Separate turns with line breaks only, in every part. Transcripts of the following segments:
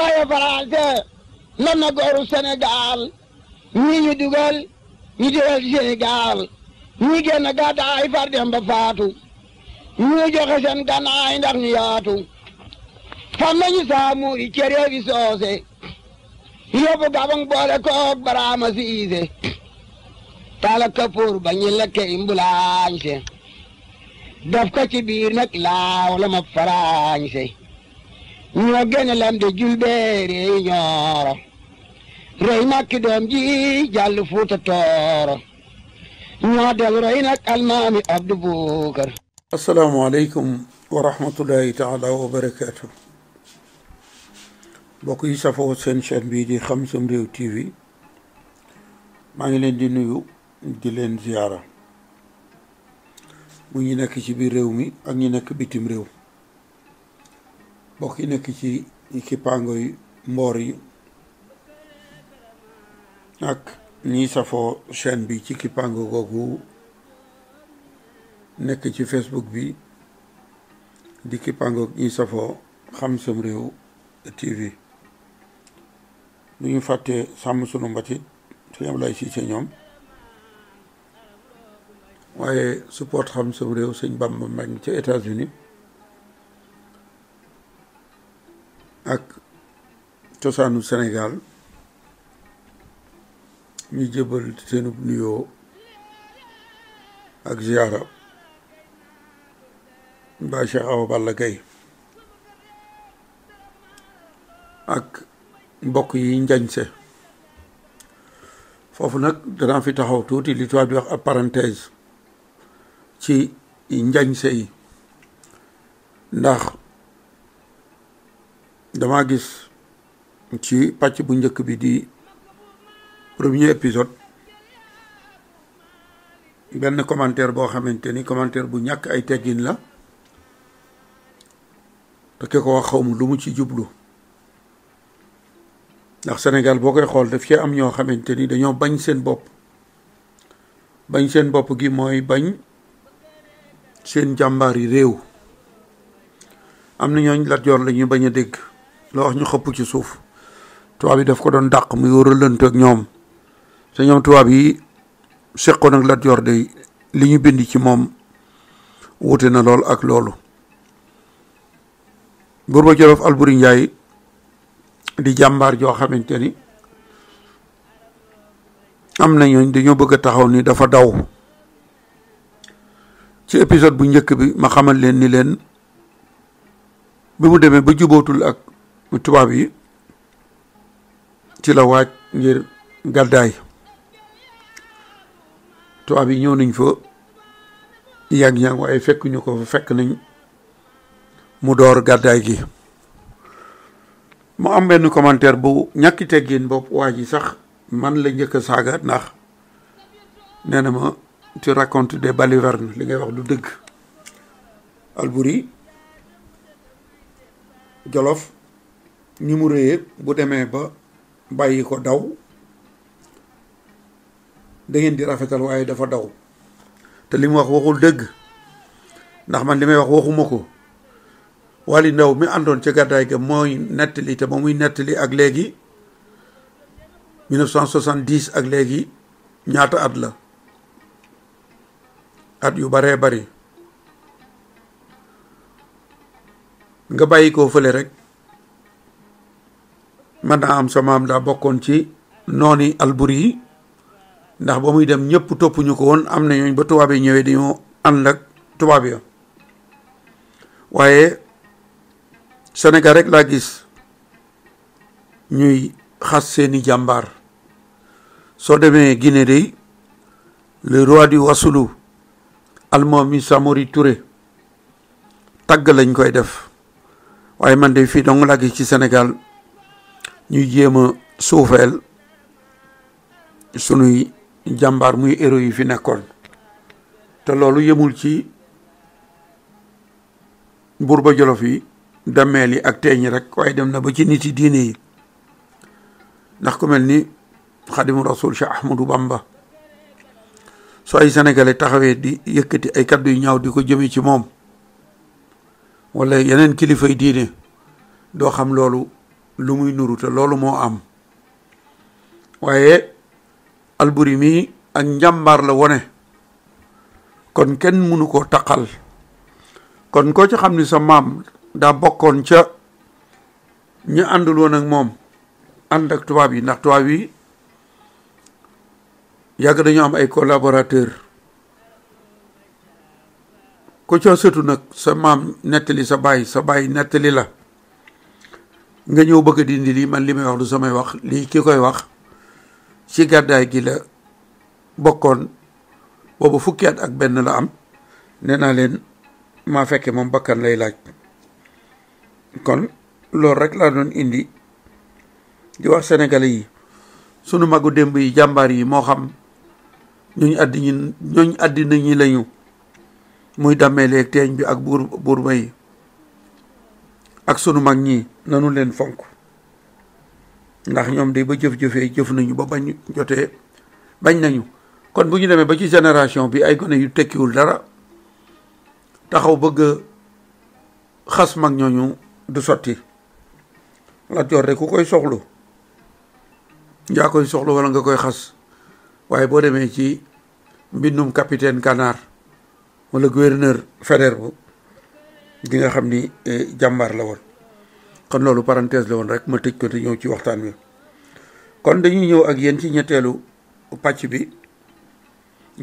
waaye Faranse man na gooru Sénégal ci biir nag laaw la ma faraañse ñoo gën a lam de julbeeri ñooro rey makki doom ji jàll fuuta
tooro ñoo del roy nag almaami abdu buukar asalaamaaleykum wa rahmatullahi taala wa barakaatu mbokk yi safoo seen chaîne bii di Xam Sam Réew TV maa ngi leen di nuyu di leen ziyaara mu ñu nekk ci biir réew mi ak ñu nekk bitim réew bokk yi nekk ci kippaango mboor yi ak ñiy safoo chaîne bi ci kippaango googu nekk ci Facebook bi di kippaango ñiy safoo xam sam réew TV bu ñu fàtte sàmm sunu mbatit su ñam lay siise ñoom waaye support xam sam réew sëñ Bamba mag ci États-Unis cosaanu Sénégal ñuy jëbal seenub nuyoo ak ziyaara mbaa Cheikh Awa Balla ak mbokk yi njañse foofu nag danaa fi taxaw tuuti li tubaab di wax ab parenthèse ci njañse yi ndax dama gis ci pàcc bu njëkk bi di premier épisode benn commentaire boo xamante ni commentaire bu ñàkk ay teggin la te ke ko wax xawma lu mu ci jublu ndax Sénégal boo koy xool daf ci am ñoo xamante ni dañoo bañ seen bopp bañ seen bopp gi mooy bañ seen jàmbaar yi réew am na ñooñ Lat Joor la bañ a dégg loo wax ñu xëpp ci suuf tubaab yi daf ko doon dàq muy wëralante ak ñoom te ñoom tubaab yi seqoon ak Lat Joor de li ñu bind ci moom wute na lool ak loolu buur ba Jolof Alburi Njaay di jàmbaar joo xamante ni am na ñooñ dañoo bëgg a taxaw ni dafa daw ci épisode bu njëkk bi ma xamal leen ni leen bi mu demee ba jubootul ak tubaab yi ci la waaj ngir gàddaay tubaab yi ñëw nañ fa yàgg-yàgg waaye fekk ñu ko fa fekk nañ mu door gàddaay gi mu am benn commentaire bu ñàkki teggin bopp waa ji sax man la njëkk a saaga ndax nee na ma tu racontes des balivernes li ngay wax du dëgg Albury Jolof ni mu réyee bu demee ba bàyyi ko daw da ngeen di rafetal waaye dafa daw te li mu wax waxul dëgg ndax man li may wax waxuma ko wali ndaw mi àndoon ca gàddaay ga mooy nettali te ba muy nettali ak léegi 1970 ak léegi ñaata at la at yu baree bari nga bàyyi koo fële rek man am sa mam da bokon ci noni alburi ndax ba muy dem ñepp topu ñuko won am na ñooñ ba tubaab yi ñëwee dañoo ànd ak tubaab ya waaye Sénégal rek la gis ñuy xass seeni jambar so demee guiné day le roi du wasulu momi Samori Touré tag lañ koy def waaye man fii dong la gis ci senegal ñuy jéem a suufeel sunuy jàmbaar muy héros yi fi nekkoon te loolu yemul ci Buurba Jolof yi dammeel yi ak teeñ rek waaye dem na ba ci nit yi diine yi ndax ku mel ni xadimu rasul Cheikh Ahmadou Bamba su ay sénégalais taxawee di yëkkati ay kaddu yu ñaaw di ko jëmee ci moom wala yeneen kilifa yi diine doo xam loolu lu muy nuru te loolu moo am waaye alburi mi ak njàmbaar la wone kon kenn mënu ko taqal kon koo ca xam ni sa maam daa bokkoon ca ñu àndul woon moom ànd ak tubaab yi ndax tubaab yi yàgg dañu am ay collaborateur ko ca sëtu nag sa maam nettali sa baay sa baay nettali la nga ñëw bëgg dindi lii man li may wax du samay wax lii ki koy wax ci gàddaay gi la bokkoon boobu fukki at ak benn la am nee naa leen maa fekke moom bakkan lay laaj kon loolu rek laa doon indi di wax sénégalais yi sunu magu démb yi jàmbaar yi moo xam ñooñu àddi ñi ñooñu àddina ñi lañu muy dàmmeeleeg teeñ bi ak buur buur ma yi ak sunu mag ñi nanu leen fonk ndax ñoom de ba jëf-jëfee jëf nañu ba bañ jotee bañ nañu kon bu ñu demee ba ci génération bi ay gone yu tekkiwul dara taxaw bëgg xas mag ñooñu du sotti Lat Joor de ku koy soxlu yaa koy soxlu wala nga koy xas waaye boo demee ci mbindum capitaine Canard wala gouverneur Faidherbe gi nga xam ni eh, jàmbaar la woon kon loolu parenthèse la woon rek ma tëj ko te ñëw ci waxtaan wi kon dañuy ñëw ak yéen ci ñetteelu pàcc bi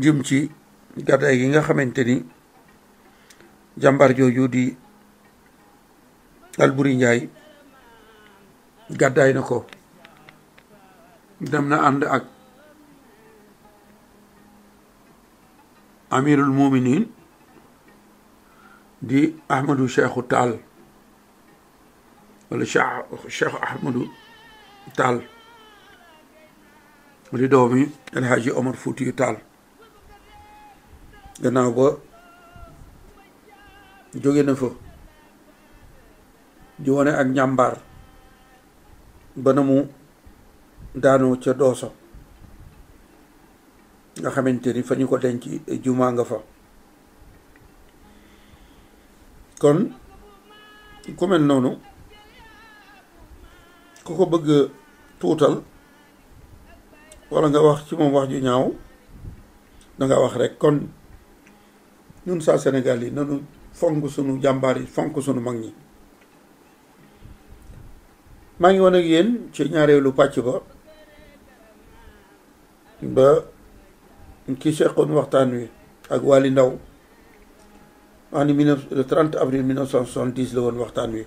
jëm ci gàddaay gi nga xamante ni jàmbaar jooju di Alburi Njaay gàddaay na ko dem na ànd ak amirul muminin di ahmadu cheikhu taal wala cheikh cheikhu ahmadu taal di doomi El Hadji Omar Foutiyu gannaaw ba jóge na fa di wone ak njàmbaar ba na mu daanoo ca dooso nga xamante ni fa ñu ko denc jumaa nga fa kon ku mel noonu ku ko bëgg tuutal walla nga wax ci moom wax ju ñaaw danga wax rekk kon ñun saa Sénégal yi nanu fonk sunu jàmbaar yi fonk sunu mag ñi maa ngi woon ak yéen ci ñaareelu pàcc ba ba ki seqoon waxtaan wi ak Waly ndaw en le 30 avril 1970 la woon waxtaan wi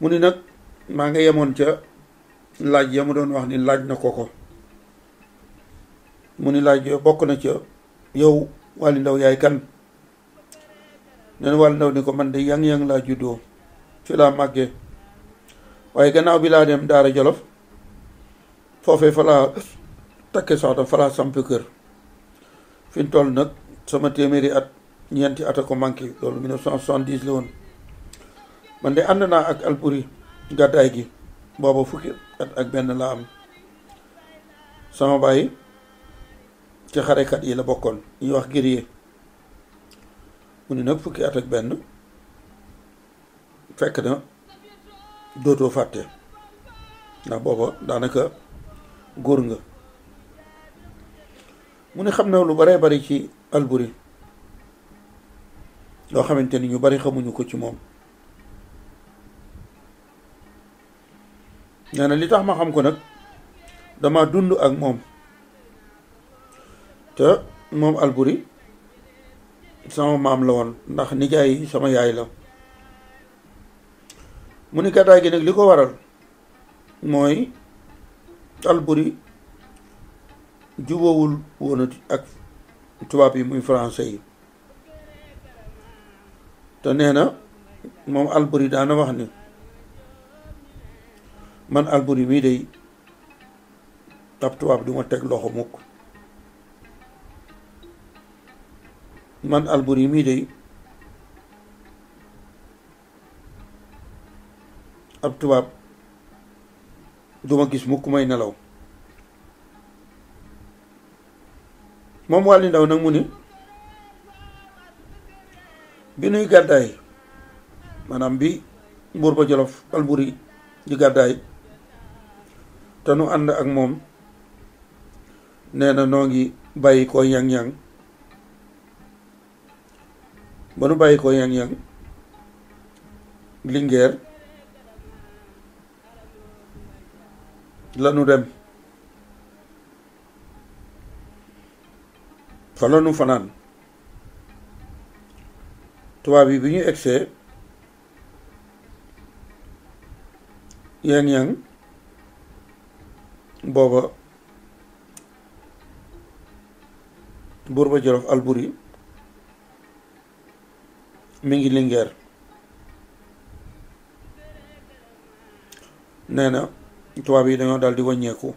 mu ni nag maa nga yemoon ca laaj ya mu doon wax ni laaj na ko ko mu ni laaj yo bokk na ca yow Waly Ndao yaay kan neen Waly Ndao ni ko man de yang-yang laa juddoo fi laa màggee waaye gannaaw bi laa dem Daara Jolof foofee fa laa takke soxna fa laa samp kër fi mu toll nag sama téeméeri at ñeenti at a ko manqué loolu 1970 la woon man de ànd naa ak Alpuri gàddaay gi booba fukki at ak benn laa am sama baay ci xarekat yi la bokkoon ñuy wax guerrier mu ni nag fukki at ak benn fekk na dootoo fàtte ndax booba daanaka góor nga mu ne xam na lu baree bari ci Alpuri loo xamante ni ñu bari xamuñu ko ci moom nee na li tax ma xam ko nag dama dund ak moom te moom Alburi sama maam la woon ndax nijaay sama yaay la mu ni gàddaay gi nag li ko waral mooy Alburi jubóowul woonati ak tubaab yi muy français yi te nee na moom Alburi daana wax ni man Alburi mii day ab tubaab du ma teg loxo mukk man Alburi mii day ab tubaab du ma gis mukk may nelaw moom wàlli ndaw nag mu ni bi nuy gàddaay bi buur ba jolof Alburi di gàddaay te nu ànd ak mom neena na koyangyang, ko yang-yang ba nu ko yang-yang linger lanu dem fa lanu fanaan tubaab yi bi ñu egsee yeen yang booba buur ba jolof alburi mi ngi lingeer nee na tubaab yi dañoo daal di wàññeeku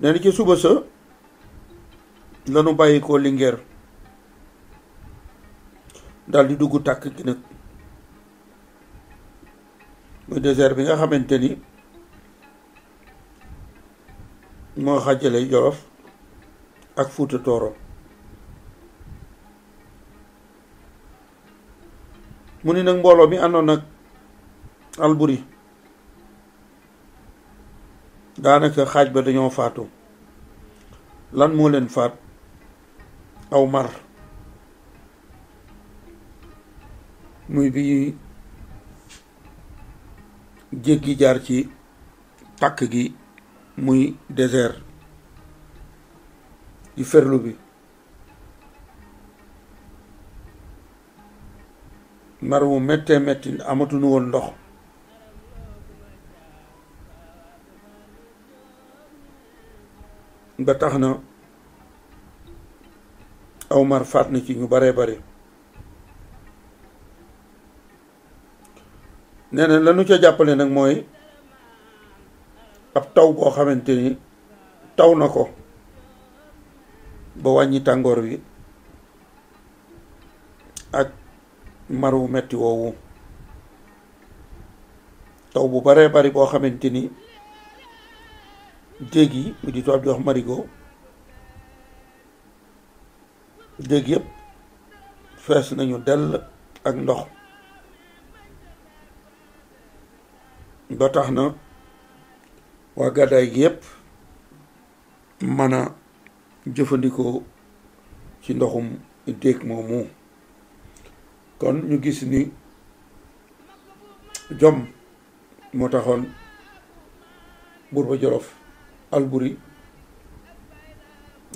nee na ci suba sa lanu bàyyikoo koo lingeer daal di dugg tàkk gi nag muy désert bi nga xamante ni moo xàjjale Jolof ak Fuuta Tooro mu ni nag mbooloo mi àndoon nag Alburi daanaka xaaj ba dañoo faatu lan moo leen faat aw mar muy bi géej gi jaar ci tàkk gi muy désert di ferlu bi mar wu méttee métti amatuñu woon ndox ba tax na aw mar faat na ci ñu baree bari nee na lanu ca jàppale nag mooy ab taw boo xamante ni taw na ko ba wàññi tàngoor wi ak mar wu metti woowu taw bu baree bari boo xamante ni déeg yi mu di tubaab di wax marigot déeg yëpp fees nañu dell ak ndox ba tax na waa gàddaay gi yépp mën a jëfandikoo ci ndoxum déeg moomu kon ñu gis ni jom moo taxoon buur ba jolof Alburi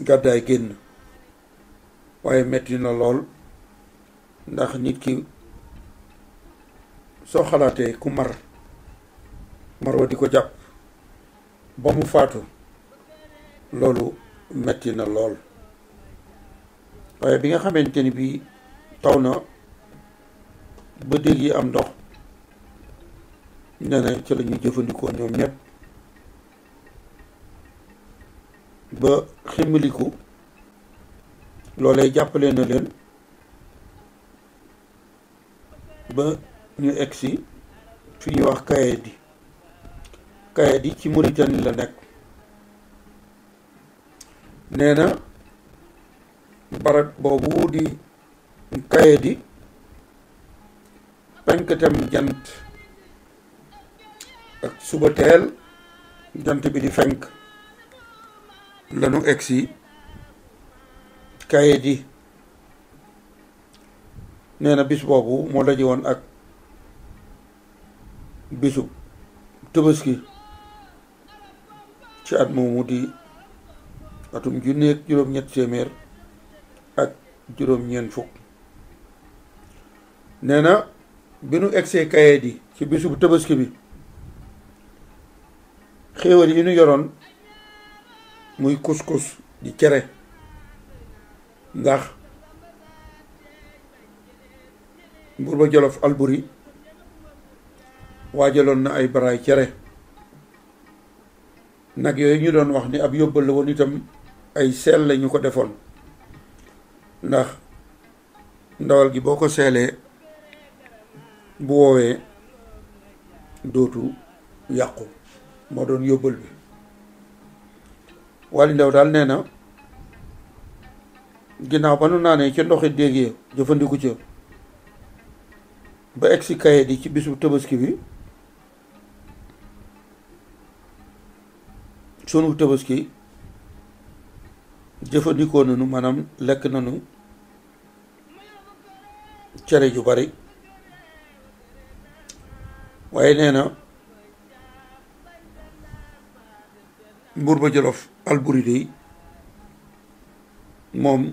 gàddaay génn waaye metti na lool ndax nit ki soo xalaatee ku mar marwa di ko jàpp ba mu faatu loolu metti na lool waaye bi nga xamante ni bii taw na ba yi am ndox nee na ci lañuy jëfandikoo ñoom ñëpp ba ximmaliku loolee jàppale na leen ba ñu egsi fi ñuy wax kayit yi kayit yi ci Mauritanie la nekk nee na barab di kayit yi penkatam jant ak suba teel jant bi di fenk lanu egsi kayit yi nee bis boobu moo daje ak bisu Tabaski ci at moomu di atum junni ak juróom-ñett téeméer ak juróom-ñeent fukk nee na bi nu egsee kayit yi ci bisub tabaski bi xéewal yi nu yoroon muy kuskus di cere ndax buur ba jolof alburi waajaloon na ay baraay cere nag yooyu ñu doon wax ni ab yóbbal la woon itam ay seel la ñu ko defoon ndax ndawal gi boo ko seelee bu woowee dootu yàqu moo doon yóbbal bi Wally Ndaw daal nee na ginnaaw ba nu naanee ca ndoxi déeg ya jëfandiku ca ba egsi kaye di ci bisu tabaski bi चुन टबस की जफनिको मन लखन चने बारे वायन मुर्बजल ऑफ अलबुरी मोम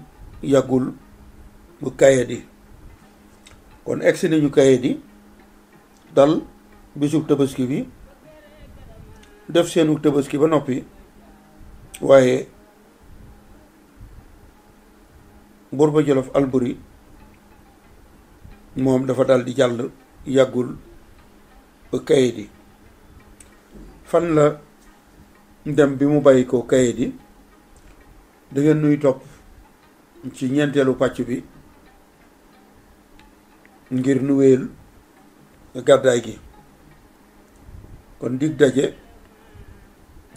यागुल कैदी कौन एक्सी कैदी दल बिजु टबस भी def seenu tabaski ba noppi waaye buur ba jolof Alburi moom dafa daldi jàll yàggul ba kayit yi fan la dem bi mu bàyyi ko kayit yi da ngeen nuy topp ci ñeenteelu pàcc bi ngir nu gàddaay gi kon dig daje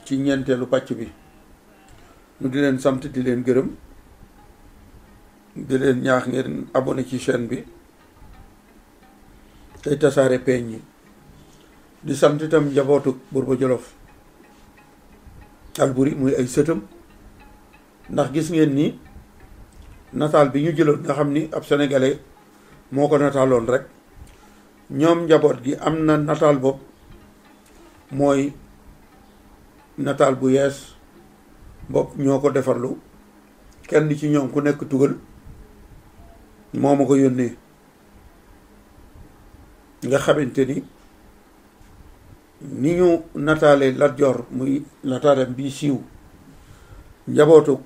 ci ñentelu pacc bi ñu di leen sant di leen gërëm di leen ñaax ngeen abonné ci chaîne bi tey tasaare peeñ yi di sant itam njabootu Buurba Jolof Alburi muy ay sëtam ndax gis ngeen ni nah nah natal bi ñu jëloon nga xam ni ab sénégalais moo ko nataaloon rek ñoom njaboot gi am na nataal bopp mooy nataal bu yees bopp ñoo ko defarlu kenn ci ñoom ku nekk tugal moo ma ko yónnee nga xamante ni ni ñu nataale Lat muy nataalam bii siiw njabootu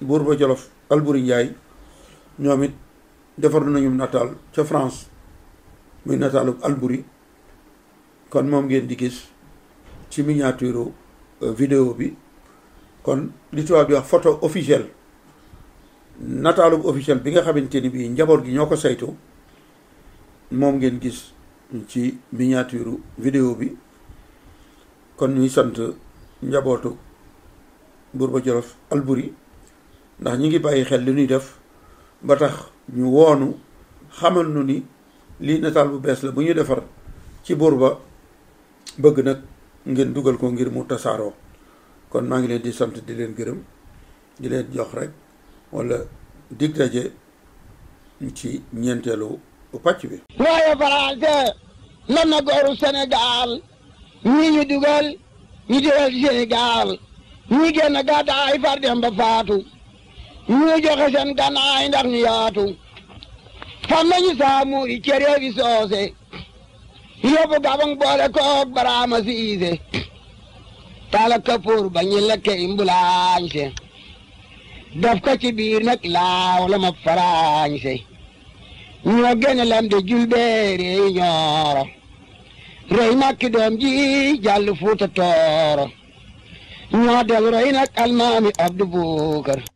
buur ba Jolof Alburi Njaay ñoomit it nañu nataal ca France muy nataalu Alburi kon moom ngeen di gis ci miniature Euh, vidéo bi kon li tubaab bi wax photo officiel nataalub officiel bi nga xamanteni bi njaboot gi ñoo ko saytu moom ngeen gis ci miniature vidéo bi kon ñuy sant njabootu burba jorof Alburi ndax ñi ngi bàyyi xel li ñuy def ba tax ñu woonu xamal nu ni lii nataal bu bees la bu ñu defar ci burba bëgg nag ngeen dugal ko ngir mu tasaaroo kon maa ngi leen di sant di leen gërëm di leen jox rek wala dig daje ci ñeenteelu pàcc bi.
waaye Faranse lan na Sénégal ñii ñu dugal ñu dugal Sénégal ñii génn gàddaay far dem ba faatu ñii joxe seen gànnaay ndax ñu yaatu. fan nañu saamu i cere bi soose. yóbbu gabang boole koog baraama siise taala kapoor ba ñi lekke imbulaañse daf ko ci biir laaw la ma faraañse ñoo gene lam de julbeere ñooro rey makki doom ji jàll fuuta tooro ñoo del roy nag almaami abdu buukar